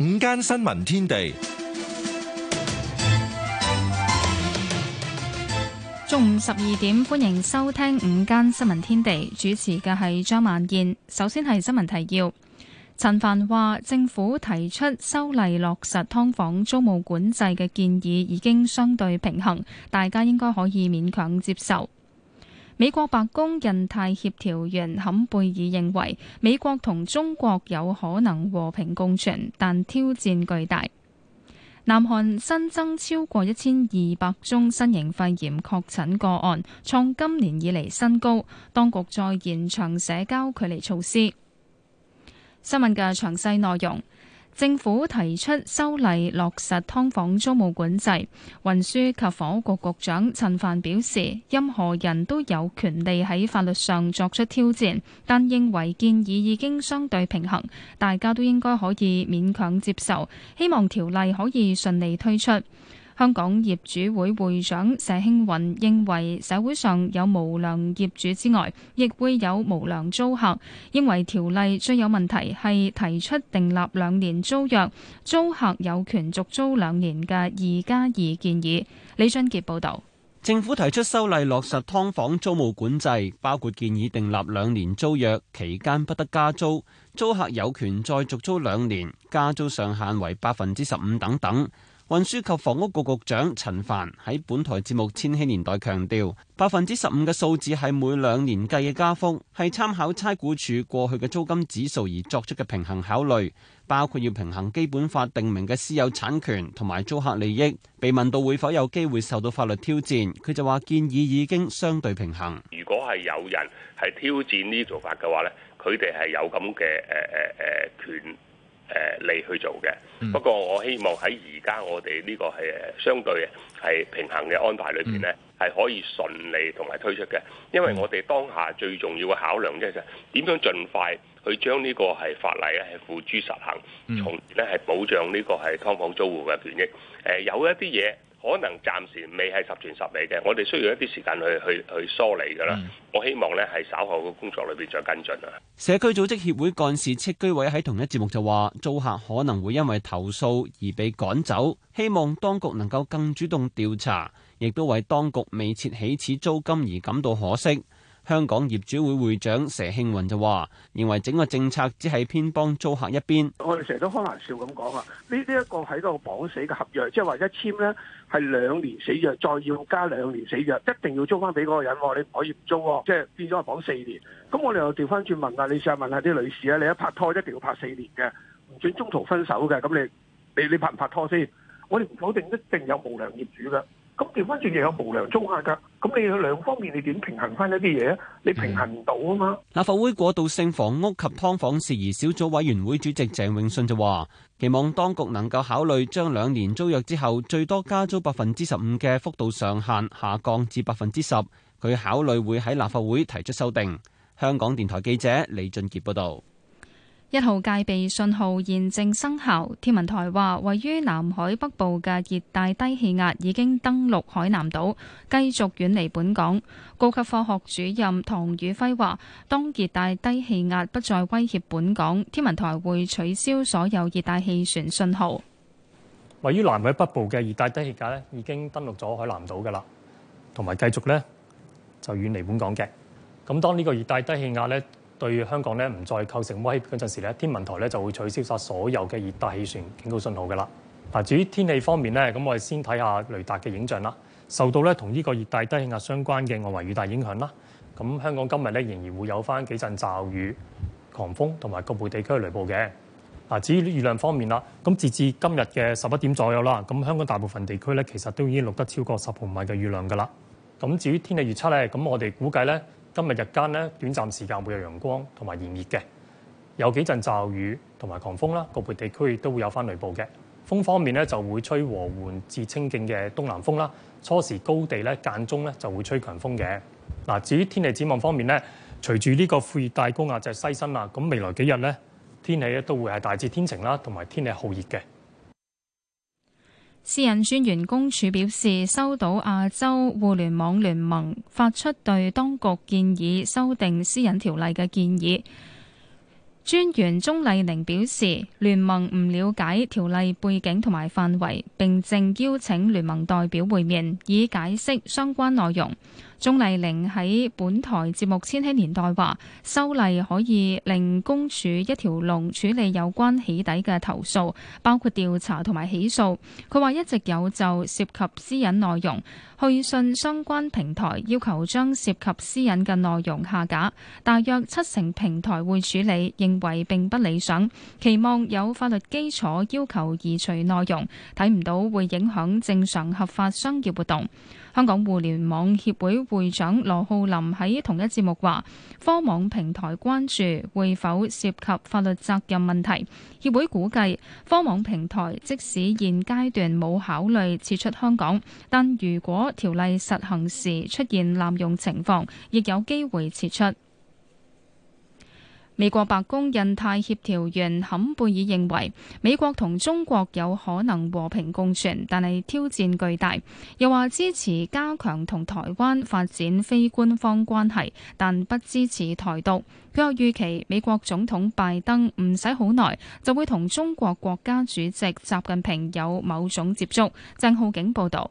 午間新聞天地，中午十二點，歡迎收聽午間新聞天地，主持嘅係張曼燕。首先係新聞提要，陳帆話政府提出修例落實㓥房租務管制嘅建議已經相對平衡，大家應該可以勉強接受。美國白宮印太協調員坎貝爾認為，美國同中國有可能和平共存，但挑戰巨大。南韓新增超過一千二百宗新型肺炎確診個案，創今年以嚟新高，當局再延長社交距離措施。新聞嘅詳細內容。政府提出修例落實劏房租務管制，運輸及房屋局局長陳帆表示：任何人都有權利喺法律上作出挑戰，但認為建議已經相對平衡，大家都應該可以勉強接受。希望條例可以順利推出。香港業主會會長謝興雲認為，社會上有無良業主之外，亦會有無良租客。認為條例最有問題係提出訂立兩年租約，租客有權續租兩年嘅二加二建議。李俊杰報道，政府提出修例落實劏房租務管制，包括建議訂立兩年租約期間不得加租，租客有權再續租兩年，加租上限為百分之十五等等。運輸及房屋局局長陳帆喺本台節目《千禧年代》強調，百分之十五嘅數字係每兩年計嘅加幅，係參考差估署過去嘅租金指數而作出嘅平衡考慮，包括要平衡基本法訂明嘅私有產權同埋租客利益。被問到會否有機會受到法律挑戰，佢就話建議已經相對平衡。如果係有人係挑戰呢做法嘅話呢，佢哋係有咁嘅誒誒權。誒你去做嘅，嗯、不過我希望喺而家我哋呢個係相對係平衡嘅安排裏邊咧，係、嗯、可以順利同埋推出嘅。因為我哋當下最重要嘅考量咧就係點樣盡快去將呢個係法例咧係付諸實行，嗯、從而咧係保障呢個係劏房租戶嘅權益。誒、呃、有一啲嘢。可能暫時未係十全十美嘅，我哋需要一啲時間去去去梳理㗎啦。嗯、我希望咧係稍後嘅工作裏面再跟進啦。社區組織協會幹事戚居委喺同一節目就話，租客可能會因為投訴而被趕走，希望當局能夠更主動調查，亦都為當局未設起始租金而感到可惜。香港業主會會長佘慶雲就話，認為整個政策只係偏幫租客一邊。我哋成日都開玩笑咁講啊，呢啲一個喺度綁死嘅合約，即係話一簽咧係兩年死約，再要加兩年死約，一定要租翻俾嗰個人，你可以唔租，即係變咗係綁四年。咁我哋又調翻轉問啊，你試下問下啲女士啊，你一拍拖一定要拍四年嘅，唔准中途分手嘅，咁你你你拍唔拍拖先？我哋唔否定一定有無良業主噶。咁調翻轉又有無良租客噶，咁你兩方面你點平衡翻一啲嘢？啊？你平衡唔到啊嘛！立法會過渡性房屋及劏房事宜小組委員會主席鄭泳舜就話：期望當局能夠考慮將兩年租約之後最多加租百分之十五嘅幅度上限下降至百分之十。佢考慮會喺立法會提出修訂。香港電台記者李俊杰報道。一號戒備信號現正生效，天文台話，位於南海北部嘅熱帶低氣壓已經登陸海南島，繼續遠離本港。高級科學主任唐宇輝話，當熱帶低氣壓不再威脅本港，天文台會取消所有熱帶氣旋信號。位於南海北部嘅熱帶低氣壓呢，已經登陸咗海南島噶啦，同埋繼續呢就遠離本港嘅。咁當個熱帶呢個熱帶低氣壓呢。對於香港咧，唔再構成威脅嗰陣時咧，天文台咧就會取消曬所有嘅熱帶氣旋警告信號嘅啦。嗱，至於天氣方面咧，咁我哋先睇下雷達嘅影像啦。受到咧同呢個熱帶低氣壓相關嘅外圍雨帶影響啦，咁香港今日咧仍然會有翻幾陣驟雨、狂風同埋局部地區雷暴嘅。嗱，至於雨量方面啦，咁截至今日嘅十一點左右啦，咁香港大部分地區咧其實都已經錄得超過十毫米嘅雨量噶啦。咁至於天氣預測咧，咁我哋估計咧。今日日間咧，短暫時間會有陽光同埋炎熱嘅，有幾陣驟雨同埋狂風啦，個別地區都會有翻雷暴嘅。風方面咧就會吹和緩至清勁嘅東南風啦，初時高地咧間中咧就會吹強風嘅。嗱，至於天氣展望方面咧，隨住呢個副熱帶高壓就西伸啦，咁、啊、未來幾日咧天氣咧都會係大致天晴啦，同埋天氣好熱嘅。私隱專員公署表示收到亞洲互聯網聯盟發出對當局建議修訂私隱條例嘅建議，專員鍾麗玲表示聯盟唔了解條例背景同埋範圍，並正邀請聯盟代表會面，以解釋相關內容。鍾麗玲喺本台節目《千禧年代》話：修例可以令公署一條龍處理有關起底嘅投訴，包括調查同埋起訴。佢話一直有就涉及私隱內容去信相關平台，要求將涉及私隱嘅內容下架。大約七成平台會處理，認為並不理想。期望有法律基礎要求移除內容，睇唔到會影響正常合法商業活動。香港互聯網協會會長羅浩林喺同一節目話，科網平台關注會否涉及法律責任問題，協會估計科網平台即使現階段冇考慮撤出香港，但如果條例實行時出現濫用情況，亦有機會撤出。美國白宮印太協調員坎貝爾認為，美國同中國有可能和平共存，但係挑戰巨大。又話支持加強同台灣發展非官方關係，但不支持台獨。佢又預期美國總統拜登唔使好耐就會同中國國家主席習近平有某種接觸。鄭浩景報道。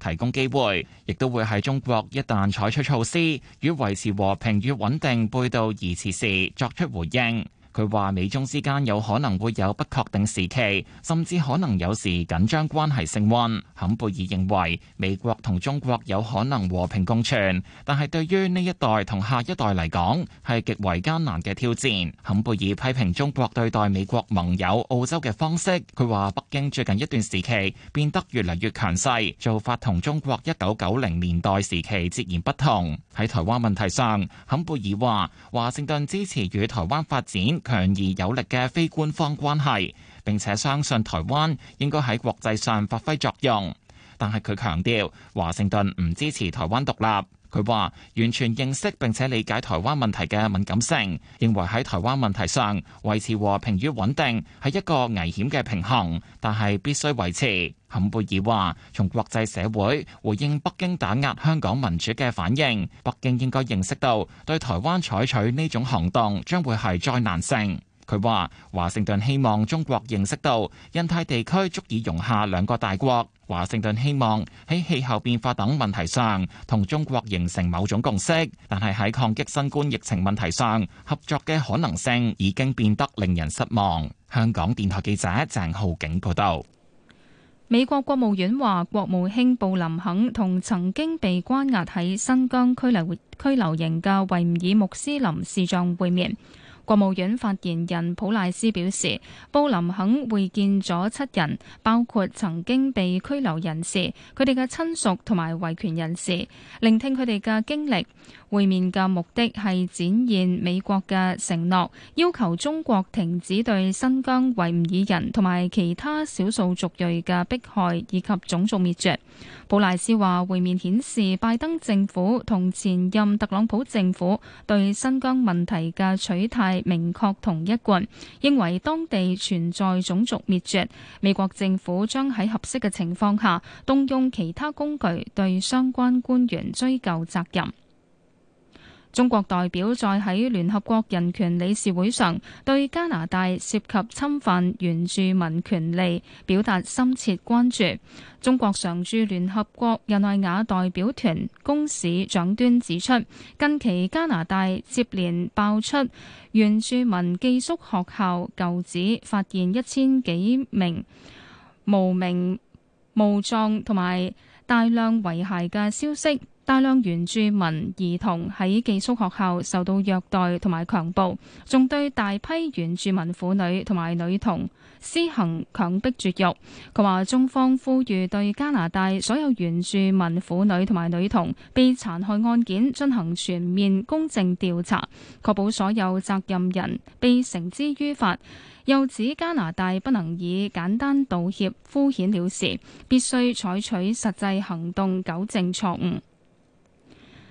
提供機會，亦都會喺中國一旦採取措施，與維持和平與穩定背道而馳時作出回應。佢話美中之間有可能會有不確定時期，甚至可能有時緊張關係升溫。坎貝爾認為美國同中國有可能和平共存，但係對於呢一代同下一代嚟講係極為艱難嘅挑戰。坎貝爾批評中國對待美國盟友澳洲嘅方式。佢話北京最近一段時期變得越嚟越強勢，做法同中國一九九零年代時期截然不同。喺台灣問題上，坎貝爾話華盛頓支持與台灣發展強而有力嘅非官方關係，並且相信台灣應該喺國際上發揮作用。但係佢強調，華盛頓唔支持台灣獨立。佢話完全認識並且理解台灣問題嘅敏感性，認為喺台灣問題上維持和平與穩定係一個危險嘅平衡，但係必須維持。坎貝爾話：從國際社會回應北京打壓香港民主嘅反應，北京應該認識到對台灣採取呢種行動將會係災難性。佢話：華盛頓希望中國認識到印太地區足以容下兩個大國。華盛頓希望喺氣候變化等問題上同中國形成某種共識，但係喺抗擊新冠疫情問題上合作嘅可能性已經變得令人失望。香港電台記者鄭浩景報道。美國國務院話，國務卿布林肯同曾經被關押喺新疆拘留拘留營嘅維吾爾穆斯林視像會面。國務院發言人普賴斯表示，布林肯會見咗七人，包括曾經被拘留人士、佢哋嘅親屬同埋維權人士，聆聽佢哋嘅經歷。會面嘅目的係展現美國嘅承諾，要求中國停止對新疆維吾爾人同埋其他少數族裔嘅迫害以及種族滅絕。普萊斯話：會面顯示拜登政府同前任特朗普政府對新疆問題嘅取態明確同一貫，認為當地存在種族滅絕。美國政府將喺合適嘅情況下動用其他工具，對相關官員追究責任。中國代表在喺聯合國人權理事會上，對加拿大涉及侵犯原住民權利表達深切關注。中國常駐聯合國日內瓦代表團公使長端指出，近期加拿大接連爆出原住民寄宿學校舊址發現一千幾名無名無狀同埋大量遺骸嘅消息。大量原住民兒童喺寄宿學校受到虐待同埋強暴，仲對大批原住民婦女同埋女童施行強迫絕育。佢話：中方呼籲對加拿大所有原住民婦女同埋女童被殘害案件進行全面公正調查，確保所有責任人被繩之於法。又指加拿大不能以簡單道歉敷衍了事，必須採取實際行動糾正錯誤。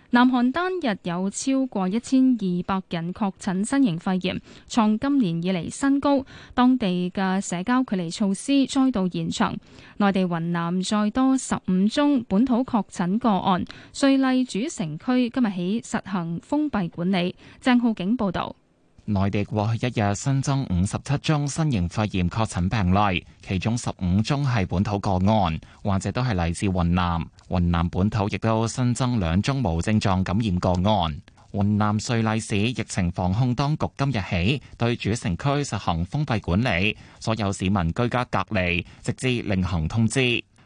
南韓單日有超過一千二百人確診新型肺炎，創今年以來新高。當地嘅社交距離措施再度延長。內地雲南再多十五宗本土確診個案。瑞麗主城區今日起實行封閉管理。鄭浩景報導。內地過去一日新增五十七宗新型肺炎確診病例，其中十五宗係本土個案，患者都係嚟自雲南。雲南本土亦都新增兩宗無症狀感染個案。雲南瑞麗市疫情防控當局今日起對主城區實行封閉管理，所有市民居家隔離，直至另行通知。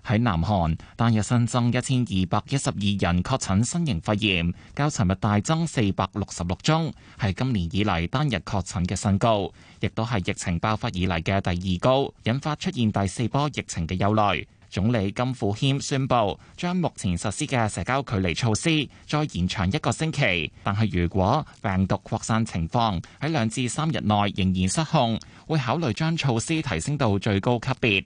喺南韓，單日新增一千二百一十二人確診新型肺炎，較尋日大增四百六十六宗，係今年以嚟單日確診嘅新高，亦都係疫情爆發以嚟嘅第二高，引發出現第四波疫情嘅憂慮。總理金富謙宣布，將目前實施嘅社交距離措施再延長一個星期，但係如果病毒擴散情況喺兩至三日內仍然失控，會考慮將措施提升到最高級別。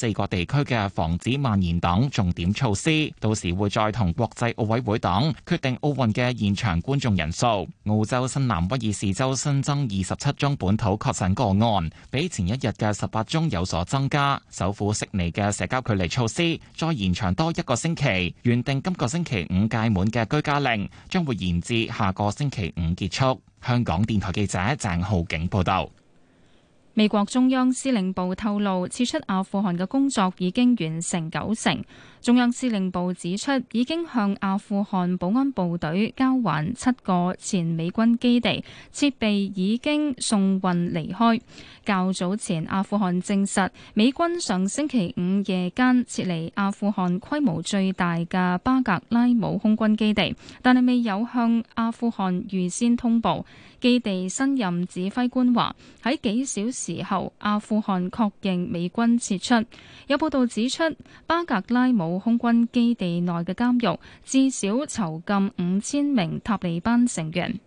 四個地區嘅防止蔓延等重點措施，到時會再同國際奧委會等決定奧運嘅現場觀眾人數。澳洲新南威爾士州新增二十七宗本土確診個案，比前一日嘅十八宗有所增加。首府悉尼嘅社交距離措施再延長多一個星期，原定今個星期五屆滿嘅居家令將會延至下個星期五結束。香港電台記者鄭浩景報道。美國中央司令部透露，撤出阿富汗嘅工作已經完成九成。中央司令部指出，已經向阿富汗保安部隊交還七個前美軍基地，設備已經送運離開。較早前，阿富汗證實美軍上星期五夜間撤離阿富汗規模最大嘅巴格拉姆空軍基地，但係未有向阿富汗預先通報。基地新任指揮官話，喺幾小時後，阿富汗確認美軍撤出。有報道指出，巴格拉姆空軍基地內嘅監獄至少囚禁五千名塔利班成員。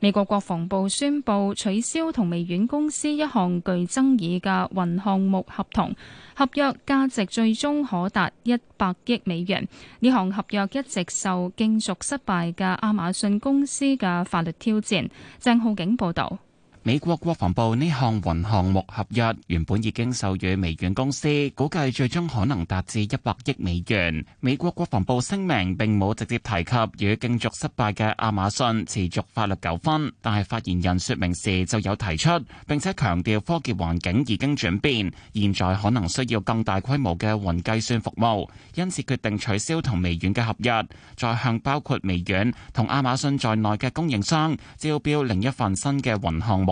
美國國防部宣布取消同微軟公司一項具爭議嘅雲項目合同，合約價值最終可達一百億美元。呢項合約一直受競逐失敗嘅亞馬遜公司嘅法律挑戰。鄭浩景報道。美國國防部呢項雲項目合約原本已經授予微軟公司，估計最終可能達至一百億美元。美國國防部聲明並冇直接提及與競逐失敗嘅亞馬遜持續法律糾紛，但係發言人說明時就有提出，並且強調科技環境已經轉變，現在可能需要更大規模嘅雲計算服務，因此決定取消同微軟嘅合約，再向包括微軟同亞馬遜在內嘅供應商招標另一份新嘅雲項目。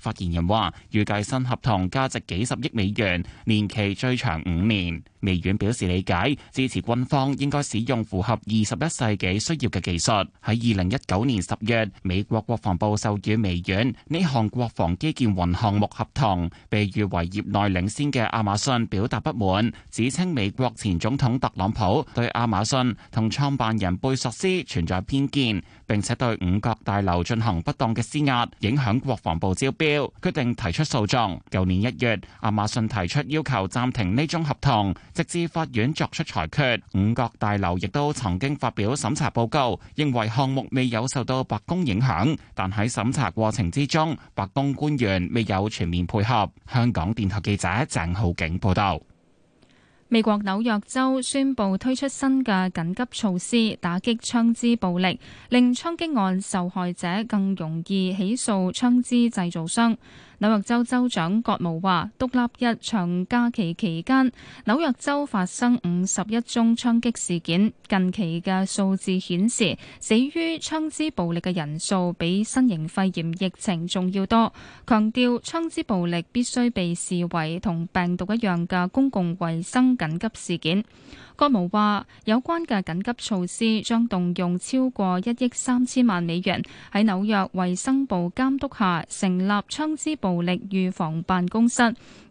發言人話：預計新合同價值幾十億美元，年期最長五年。微軟表示理解，支持軍方應該使用符合二十一世紀需要嘅技術。喺二零一九年十月，美國國防部授予微軟呢項國防基建雲項目合同，被譽為業內領先嘅亞馬遜表達不滿，指稱美國前總統特朗普對亞馬遜同創辦人貝索斯存在偏見，並且對五角大樓進行不當嘅施壓，影響國防部招標。決定提出訴訟。舊年一月，亞馬遜提出要求暫停呢宗合同，直至法院作出裁決。五角大樓亦都曾經發表審查報告，認為項目未有受到白宮影響，但喺審查過程之中，白宮官員未有全面配合。香港電台記者鄭浩景報道。美國紐約州宣布推出新嘅緊急措施，打擊槍支暴力，令槍擊案受害者更容易起訴槍支製造商。紐約州州長葛謨話：獨立日長假期期間，紐約州發生五十一宗槍擊事件。近期嘅數字顯示，死於槍支暴力嘅人數比新型肺炎疫情仲要多。強調槍支暴力必須被視為同病毒一樣嘅公共衛生緊急事件。該模話：有關嘅緊急措施將動用超過一億三千萬美元，喺紐約衛生部監督下成立槍支暴力預防辦公室，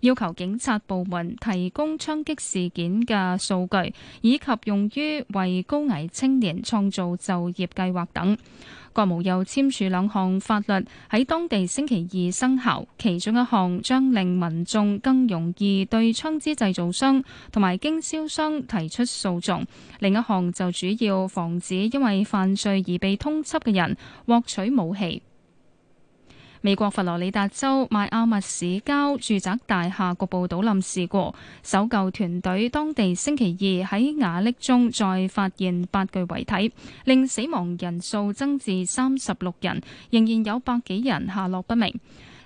要求警察部門提供槍擊事件嘅數據，以及用於為高危青年創造就業計劃等。國務又簽署兩項法律，喺當地星期二生效，其中一項將令民眾更容易對槍支製造商同埋經銷商提出訴訟，另一項就主要防止因為犯罪而被通緝嘅人獲取武器。美國佛羅里達州邁阿密市郊住宅大廈局部倒冧事故，搜救團隊當地星期二喺瓦礫中再發現八具遺體，令死亡人數增至三十六人，仍然有百幾人下落不明。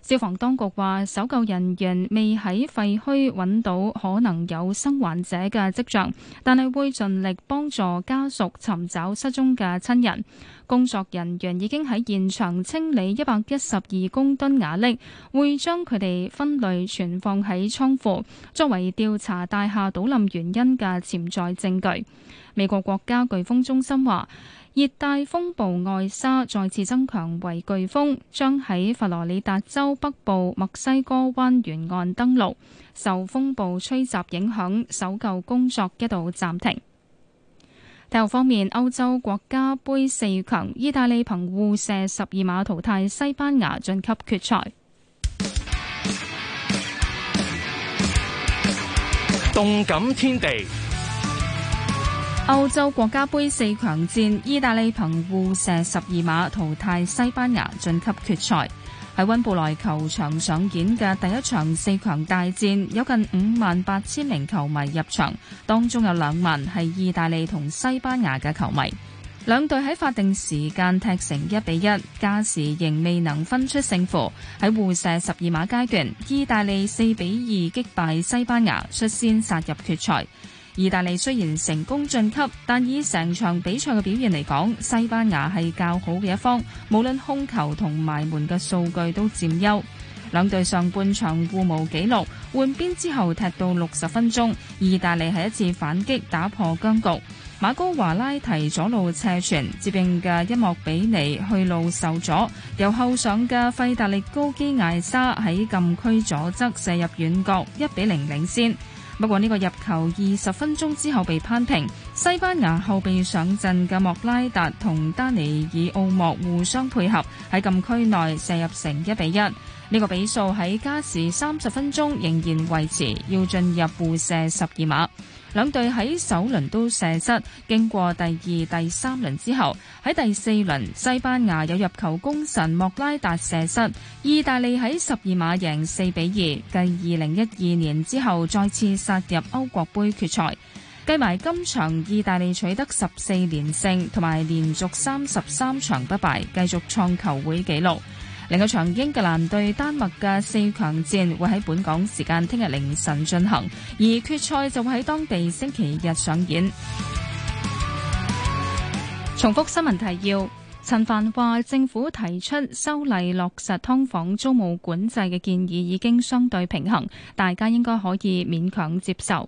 消防當局話：搜救人員未喺廢墟揾到可能有生還者嘅跡象，但係會盡力幫助家屬尋找失蹤嘅親人。工作人員已經喺現場清理一百一十二公噸瓦礫，會將佢哋分類存放喺倉庫，作為調查大廈倒冧原因嘅潛在證據。美國國家颶風中心話。熱帶風暴艾莎再次增強為颶風，將喺佛羅里達州北部墨西哥灣沿岸登陸。受風暴吹襲影響，搜救工作一度暫停。體育方面，歐洲國家盃四強，意大利憑互射十二碼淘汰西班牙，晉級決賽。動感天地。歐洲國家盃四強戰，意大利憑互射十二碼淘汰西班牙，晉級決賽。喺溫布萊球場上演嘅第一場四強大戰，有近五萬八千名球迷入場，當中有兩萬係意大利同西班牙嘅球迷。兩隊喺法定時間踢成一比一，加時仍未能分出勝負。喺互射十二碼階段，意大利四比二擊敗西班牙，率先殺入決賽。意大利雖然成功晉級，但以成場比賽嘅表現嚟講，西班牙係較好嘅一方。無論控球同埋門嘅數據都佔優。兩隊上半場互無紀錄，換邊之後踢到六十分鐘，意大利係一次反擊打破僵局。馬高華拉提左路斜傳，接應嘅一莫比尼去路受阻，由後上嘅費達力高基艾沙喺禁區左側射入遠角，一比零領先。不過呢個入球二十分鐘之後被扳平，西班牙後備上陣嘅莫拉達同丹尼爾奧莫互相配合喺禁區內射入成一比一，呢個比數喺加時三十分鐘仍然維持，要進入互射十二碼。兩隊喺首輪都射失，經過第二、第三輪之後，喺第四輪西班牙有入球功臣莫拉達射失，意大利喺十二碼贏四比二，繼二零一二年之後再次殺入歐國盃決賽。計埋今場，意大利取得十四連勝，同埋連續三十三場不敗，繼續創球會紀錄。另一場英格蘭對丹麥嘅四強戰會喺本港時間聽日凌晨進行，而決賽就會喺當地星期日上演。重複新聞提要：陳帆話，政府提出修例落實劏房租務管制嘅建議已經相對平衡，大家應該可以勉強接受。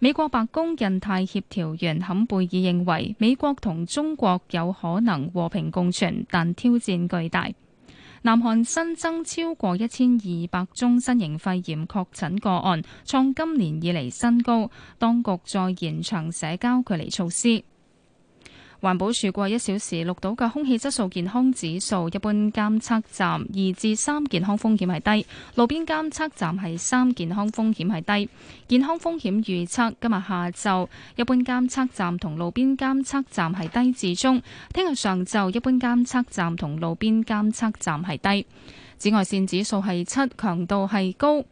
美國白宮印太協調員坎貝爾認為，美國同中國有可能和平共存，但挑戰巨大。南韓新增超過一千二百宗新型肺炎確診個案，創今年以嚟新高。當局再延長社交距離措施。環保署過，一小時錄到嘅空氣質素健康指數，一般監測站二至三，健康風險係低，路邊監測站係三，健康風險係低。健康風險預測今日下晝，一般監測站同路邊監測站係低至中。聽日上晝，一般監測站同路邊監測站係低。紫外線指數係七，強度係高。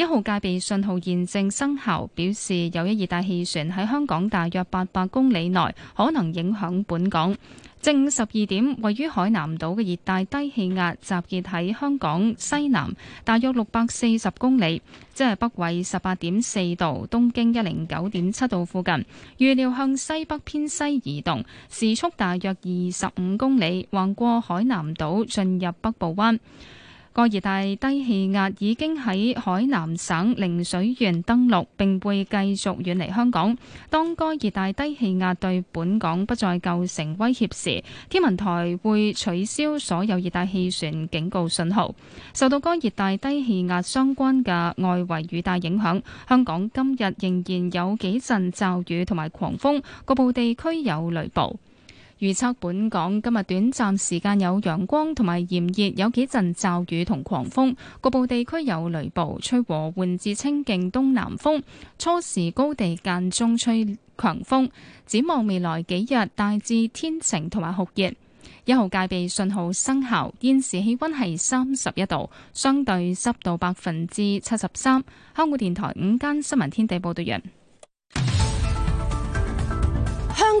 一號戒備信號驗證生效，表示有一熱帶氣旋喺香港大約八百公里內可能影響本港。正午十二點，位於海南島嘅熱帶低氣壓集結喺香港西南大約六百四十公里，即係北緯十八點四度、東經一零九點七度附近。預料向西北偏西移動，時速大約二十五公里，橫過海南島進入北部灣。個熱帶低氣壓已經喺海南省陵水縣登陸，並會繼續遠離香港。當該熱帶低氣壓對本港不再構成威脅時，天文台會取消所有熱帶氣旋警告信號。受到該熱帶低氣壓相關嘅外圍雨帶影響，香港今日仍然有幾陣驟雨同埋狂風，各部地區有雷暴。預測本港今日短暫時間有陽光同埋炎熱，有幾陣驟雨同狂風，局部地區有雷暴，吹和緩至清勁東南風，初時高地間中吹強風。展望未來幾日大致天晴同埋酷熱，一號戒備信號生效。現時氣溫係三十一度，相對濕度百分之七十三。香港電台午間新聞天地報道完。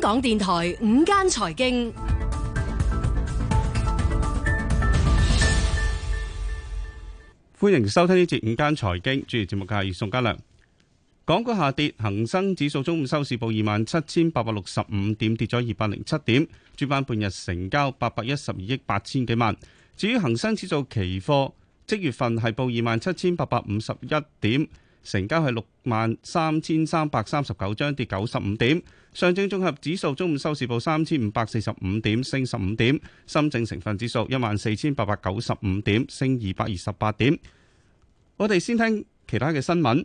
香港電台午間財經，歡迎收聽呢節午間財經主持節目嘅係宋家良。港股下跌，恒生指數中午收市報二萬七千八百六十五點，跌咗二百零七點。主板半日成交八百一十二億八千幾萬。至於恒生指數期貨，即月份係報二萬七千八百五十一點，成交係六萬三千三百三十九張，跌九十五點。上證綜合指數中午收市報三千五百四十五點，升十五點；深證成分指數一萬四千八百九十五點，升二百二十八點。我哋先聽其他嘅新聞。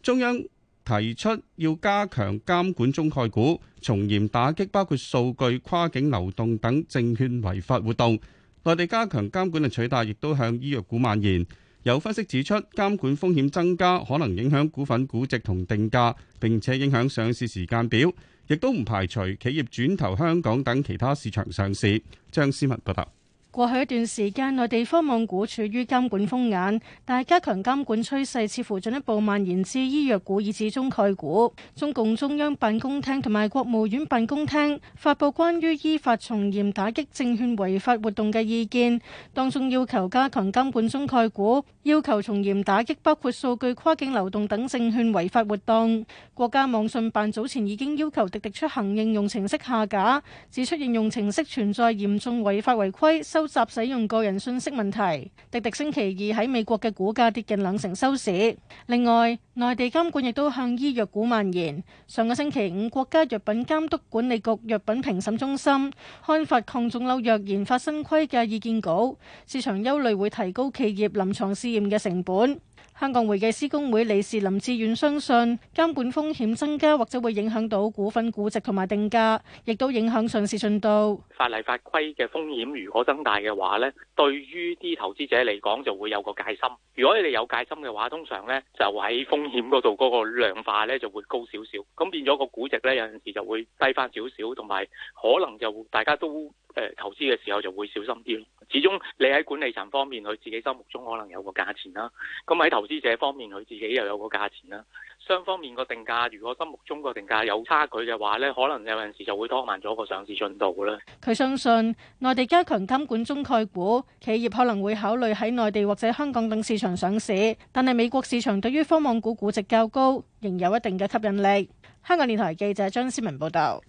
中央提出要加強監管中概股，從嚴打擊包括數據跨境流動等證券違法活動。內地加強監管嘅取態，亦都向醫藥股蔓延。有分析指出，監管風險增加，可能影響股份估值同定價，並且影響上市時間表。亦都唔排除企業轉投香港等其他市場上市，張思文報道。過去一段時間，內地科網股處於監管風眼，但加強監管趨勢似乎進一步蔓延至醫藥股以至中概股。中共中央辦公廳同埋國務院辦公廳發布關於依法從嚴打擊證券違法活動嘅意見，當中要求加強監管中概股，要求從嚴打擊包括數據跨境流動等證券違法活動。國家網信辦早前已經要求滴滴出行應用程式下架，指出應用程式存在嚴重違法違規收集使用個人信息問題，滴滴星期二喺美國嘅股價跌近兩成收市。另外，內地監管亦都向醫藥股蔓延。上個星期五，國家藥品監督管理局藥品評審中心刊發抗腫瘤藥研發新規嘅意見稿，市場憂慮會提高企業臨床試驗嘅成本。香港會計師公會理事林志遠相信監管風險增加，或者會影響到股份估值、同埋定價，亦都影響上市進度。法例法規嘅風險如果增大嘅話咧，對於啲投資者嚟講就會有個戒心。如果你哋有戒心嘅話，通常咧就喺風險嗰度嗰個量化咧就會高少少，咁變咗個估值咧有陣時就會低翻少少，同埋可能就大家都。誒投資嘅時候就會小心啲。始終你喺管理層方面，佢自己心目中可能有個價錢啦、啊。咁喺投資者方面，佢自己又有個價錢啦、啊。雙方面個定價，如果心目中個定價有差距嘅話呢，可能有陣時就會拖慢咗個上市進度啦。佢相信內地加強監管中概股企業可能會考慮喺內地或者香港等市場上市，但係美國市場對於科網股估值較高，仍有一定嘅吸引力。香港電台記者張思文報道。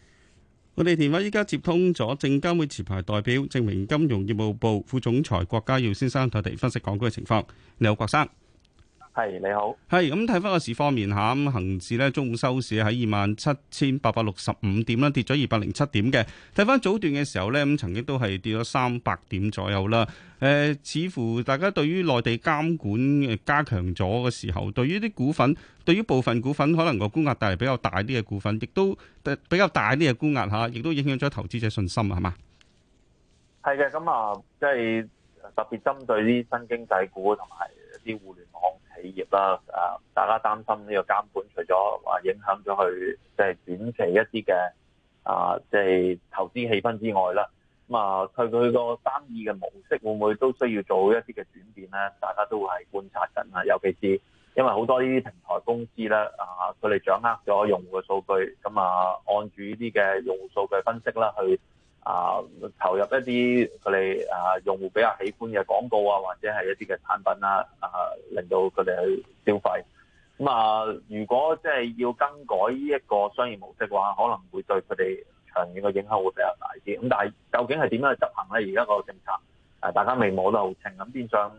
我哋電話依家接通咗證監會持牌代表，證明金融業務部副總裁郭家耀先生，佢哋分析港股嘅情況。你好，郭生。係你好，係咁睇翻個市方面吓，咁恒指呢中午收市喺二萬七千八百六十五點啦，跌咗二百零七點嘅。睇翻早段嘅時候呢，咁曾經都係跌咗三百點左右啦。誒、呃，似乎大家對於內地監管嘅加強咗嘅時候，對於啲股份，對於部分股份，可能個沽壓帶嚟比較大啲嘅股份，亦都比較大啲嘅沽壓吓，亦都影響咗投資者信心啊，係嘛？係嘅，咁啊，即係特別針對啲新經濟股同埋一啲互聯網。企業啦，啊，大家擔心呢個監管，除咗話影響咗佢即係短期一啲嘅啊，即係投資氣氛之外啦，咁啊，佢佢個生意嘅模式會唔會都需要做一啲嘅轉變咧？大家都係觀察緊啊，尤其是因為好多呢啲平台公司咧，啊，佢哋掌握咗用戶嘅數據，咁啊，按住呢啲嘅用戶數據分析啦，去。啊！投入一啲佢哋啊，用戶比較喜歡嘅廣告啊，或者係一啲嘅產品啦，啊，令到佢哋去消費。咁啊，如果即係要更改呢一個商業模式嘅話，可能會對佢哋長遠嘅影響會比較大啲。咁但係究竟係點樣去執行咧？而家個政策誒，大家未摸得好清。咁變相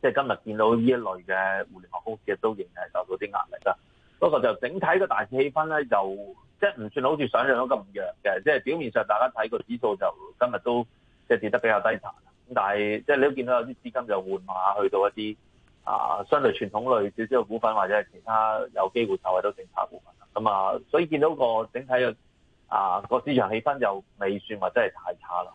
即係今日見到呢一類嘅互聯網公司都仍然係受到啲壓力啦。不過就整體嘅大氣氛咧，就～即係唔算好似想象到咁弱嘅，即係表面上大家睇個指數就今日都即係跌得比較低沉，咁但係即係你都見到有啲資金就換馬去到一啲啊相對傳統類少少嘅股份，或者係其他有機會受惠到政策股份咁啊，所以見到個整體嘅啊個市場氣氛又未算話真係太差啦。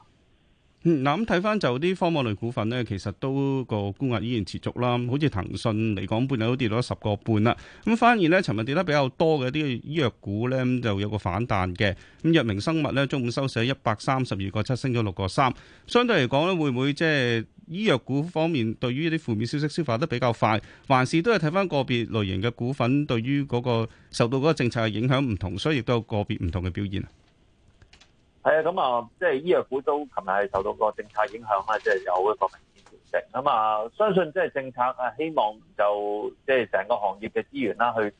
嗱咁睇翻就啲科網類股份呢，其實都個沽壓依然持續啦。好似騰訊嚟講，半日都跌咗十個半啦。咁反而呢，尋日跌得比較多嘅啲醫藥股呢，就有個反彈嘅。咁藥明生物呢，中午收市喺一百三十二個七，升咗六個三。相對嚟講呢，會唔會即係醫藥股方面對於啲負面消息消化得比較快，還是都係睇翻個別類型嘅股份對於嗰個受到嗰個政策嘅影響唔同，所以亦都有個別唔同嘅表現啊。係啊，咁啊，即係醫藥股都琴日係受到個政策影響啦，即係有一個明顯調整。咁啊，相信即係政策啊，希望就即係成個行業嘅資源啦，去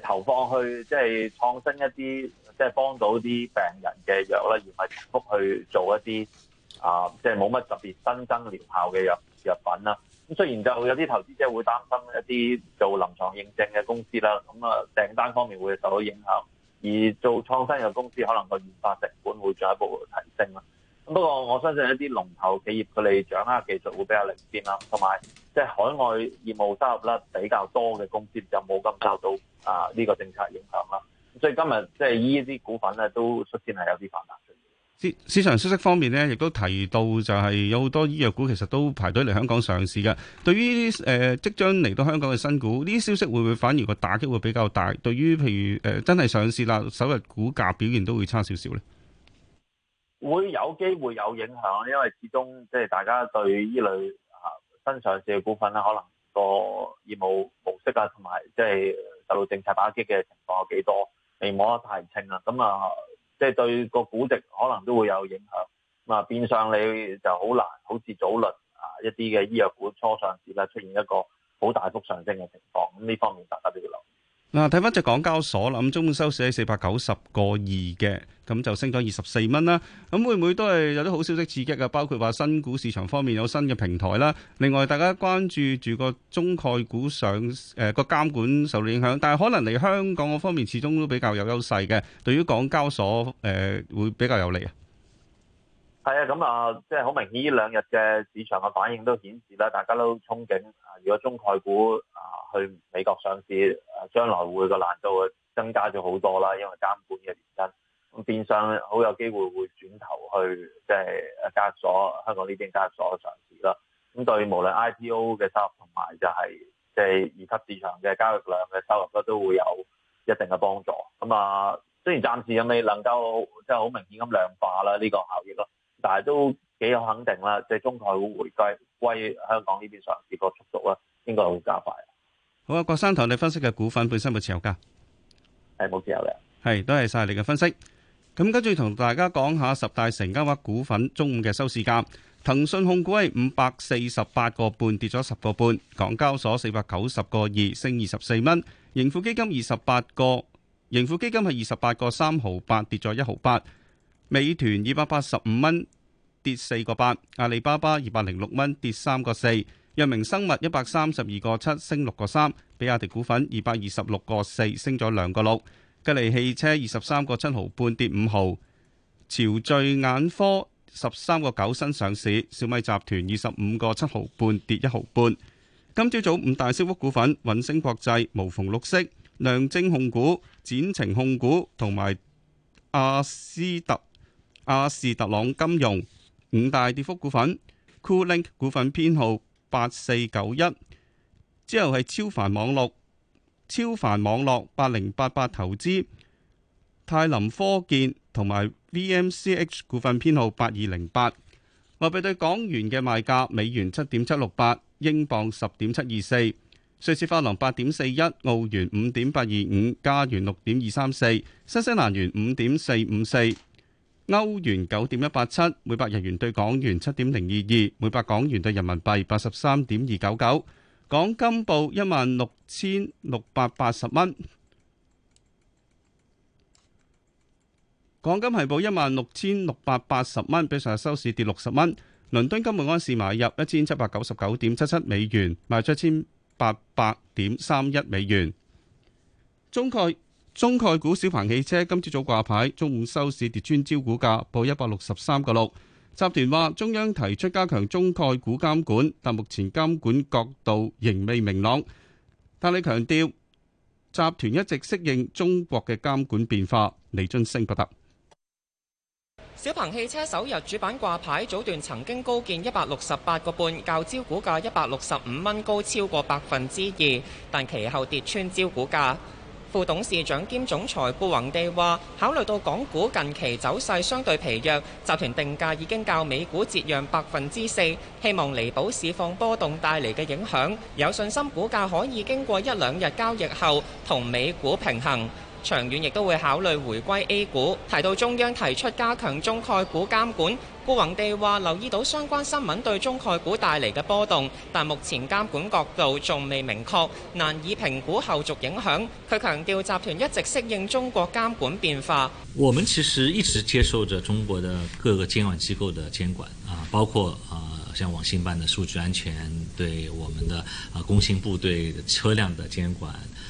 投放去即係創新一啲，即係幫到啲病人嘅藥啦，而唔係重複去做一啲啊，即係冇乜特別新增療效嘅藥藥品啦。咁雖然就有啲投資者會擔心一啲做臨床認證嘅公司啦，咁啊訂單方面會受到影響，而做創新嘅公司，可能個研發成本會進一步提升。不過我相信一啲龍頭企業佢哋掌握技術會比較領先啦，同埋即係海外業務收入比較多嘅公司就冇咁受到啊呢個政策影響啦。所以今日即係呢啲股份咧都率先係有啲反彈。市場消息方面呢，亦都提到就係有好多醫藥股其實都排隊嚟香港上市嘅。對於誒即將嚟到香港嘅新股，呢啲消息會唔會反而個打擊會比較大？對於譬如誒真係上市啦，首日股價表現都會差少少呢？會有機會有影響，因為始終即係大家對呢類新上市嘅股份，可能個業務模式啊，同埋即係大陸政策打擊嘅情況有幾多，未摸得太清啦。咁啊。即係對個估值可能都會有影響，啊變相你就好難，好似早輪啊一啲嘅醫藥股初上市啦，出現一個好大幅上升嘅情況，咁呢方面大家都要。嗱，睇翻隻港交所啦，咁中午收市喺四百九十個二嘅，咁就升咗二十四蚊啦。咁會唔會都係有啲好消息刺激呀？包括話新股市場方面有新嘅平台啦。另外，大家關注住個中概股上，誒、呃、個監管受到影響，但係可能嚟香港嗰方面始終都比較有優勢嘅，對於港交所誒、呃、會比較有利啊。係啊，咁啊，即係好明顯，呢兩日嘅市場嘅反應都顯示啦，大家都憧憬啊，如果中概股啊去美國上市，將來會個難度會增加咗好多啦，因為監管嘅原因，咁變相好有機會會轉頭去即係交易所，香港呢邊交易所上市啦，咁對無論 IPO 嘅收入同埋就係即係二級市場嘅交易量嘅收入咧，都會有一定嘅幫助。咁啊，雖然暫時未能夠即係好明顯咁量化啦呢個效益咯。但係都幾有肯定啦，即係中概股回歸，歸香港呢邊上市個速度啦，應該會加快。好啊，郭生同你分析嘅股份本身冇持有噶，係冇持有嘅。係，多謝晒你嘅分析。咁跟住同大家講下十大成交額股份中午嘅收市價。騰訊控股係五百四十八個半，跌咗十個半。港交所四百九十個二，升二十四蚊。盈富基金二十八個，盈富基金係二十八個三毫八，跌咗一毫八。美團二百八十五蚊跌四個八，阿里巴巴二百零六蚊跌三個四，藥明生物一百三十二個七升六個三，比亞迪股份二百二十六個四升咗兩個六，吉利汽車二十三個七毫半跌五毫，潮聚眼科十三個九新上市，小米集團二十五個七毫半跌一毫半。今朝早五大升幅股份：穩升國際、無縫綠色、亮晶控股、展程控股同埋阿斯特。阿士特朗金融，五大跌幅股份，Coolink 股份編號八四九一。之後係超凡網絡，超凡網絡八零八八、投資泰林科建同埋 VMCH 股份編號八二零八。外幣對港元嘅賣價，美元七點七六八，英鎊十點七二四，瑞士法郎八點四一，澳元五點八二五，加元六點二三四，新西蘭元五點四五四。歐元九點一八七，每百日元兌港元七點零二二，每百港元兌人民幣八十三點二九九。港金報一萬六千六百八十蚊，港金係報一萬六千六百八十蚊，比上日收市跌六十蚊。倫敦金每安士買入一千七百九十九點七七美元，賣出一千八百點三一美元。中概。中概股小鵬汽車今朝早掛牌，中午收市跌穿招股價，報一百六十三個六。集團話中央提出加強中概股監管，但目前監管角度仍未明朗。但係強調集團一直適應中國嘅監管變化。李津升報道。小鵬汽車首日主板掛牌，早段曾經高見一百六十八個半，較招股價一百六十五蚊高超過百分之二，但其後跌穿招股價。副董事長兼總裁顧宏地話：考慮到港股近期走勢相對疲弱，集團定價已經較美股折讓百分之四，希望彌補市況波動帶嚟嘅影響，有信心股價可以經過一兩日交易後同美股平衡。長遠亦都會考慮回歸 A 股。提到中央提出加強中概股監管，顧宏地話留意到相關新聞對中概股帶嚟嘅波動，但目前監管角度仲未明確，難以評估後續影響。佢強調集團一直適應中國監管變化。我們其實一直接受着中國的各個監管機構的監管，啊，包括啊，像網信辦的數據安全，對我們的啊工信部對車輛的監管。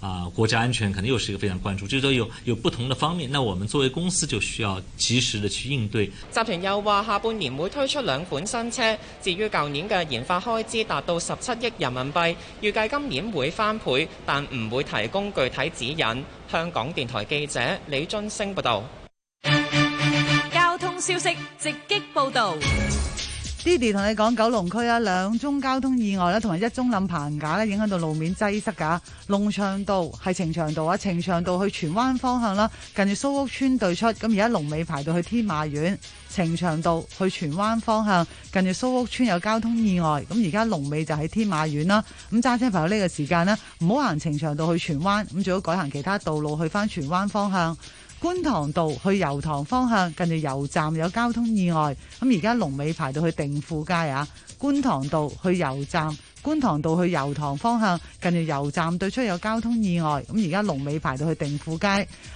啊！國家安全肯定又是一個非常關注，就是說，有有不同的方面。那我們作為公司就需要及時的去應對。集團又話下半年會推出兩款新車。至於舊年嘅研發開支達到十七億人民幣，預計今年會翻倍，但唔會提供具體指引。香港電台記者李俊升報導。交通消息直擊報導。爹哋同你講九龍區啊，兩宗交通意外咧，同埋一宗冧棚架咧，影響到路面擠塞噶。龍翔道係呈祥道啊，呈祥道去荃灣方向啦，近住蘇屋村對出，咁而家龍尾排到去天馬苑。呈祥道去荃灣方向，近住蘇屋村有交通意外，咁而家龍尾就喺天馬苑啦。咁揸車排到呢個時間呢唔好行呈祥道去荃灣，咁最好改行其他道路去翻荃灣方向。觀塘道去油塘方向，近住油站有交通意外，咁而家龍尾排到去定富街啊，觀塘道去油站。觀塘道去油塘方向，近住油站對出有交通意外，咁而家龍尾排到去定富街。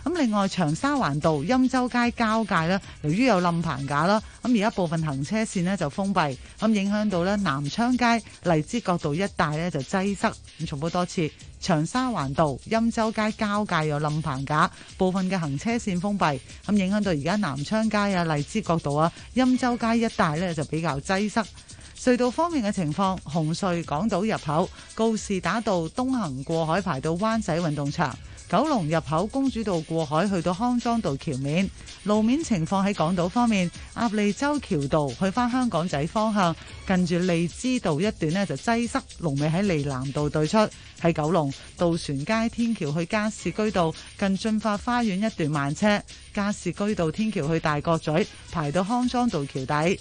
咁另外長沙環道欽州街交界呢，由於有冧棚架啦，咁而家部分行車線呢就封閉，咁影響到呢，南昌街荔枝角道一帶呢就擠塞。咁重複多次，長沙環道欽州街交界有冧棚架，部分嘅行車線封閉，咁影響到而家南昌街啊荔枝角道啊欽州街一帶呢就比較擠塞。隧道方面嘅情況，紅隧港島入口告士打道東行過海排到灣仔運動場；九龍入口公主道過海去到康莊道橋面。路面情況喺港島方面，鴨脷洲橋道去翻香港仔方向，近住利枝道一段呢就擠塞，龍尾喺利南道對出；喺九龍渡船街天橋去加士居道近駿發花園一段慢車，加士居道天橋去大角咀排到康莊道橋底。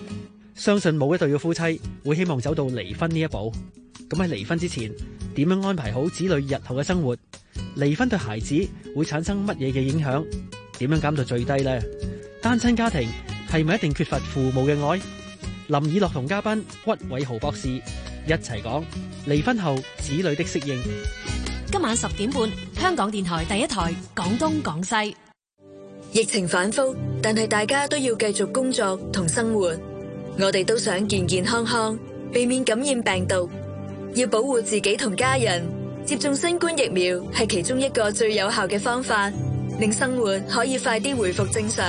相信冇一對嘅夫妻會希望走到離婚呢一步。咁喺離婚之前，點樣安排好子女日後嘅生活？離婚對孩子會產生乜嘢嘅影響？點樣減到最低咧？單親家庭係咪一定缺乏父母嘅愛？林以樂同嘉賓屈偉豪博士一齊講離婚後子女的適應。今晚十點半，香港電台第一台廣東廣西。疫情反復，但係大家都要繼續工作同生活。我哋都想健健康康，避免感染病毒，要保護自己同家人。接種新冠疫苗係其中一個最有效嘅方法，令生活可以快啲回復正常。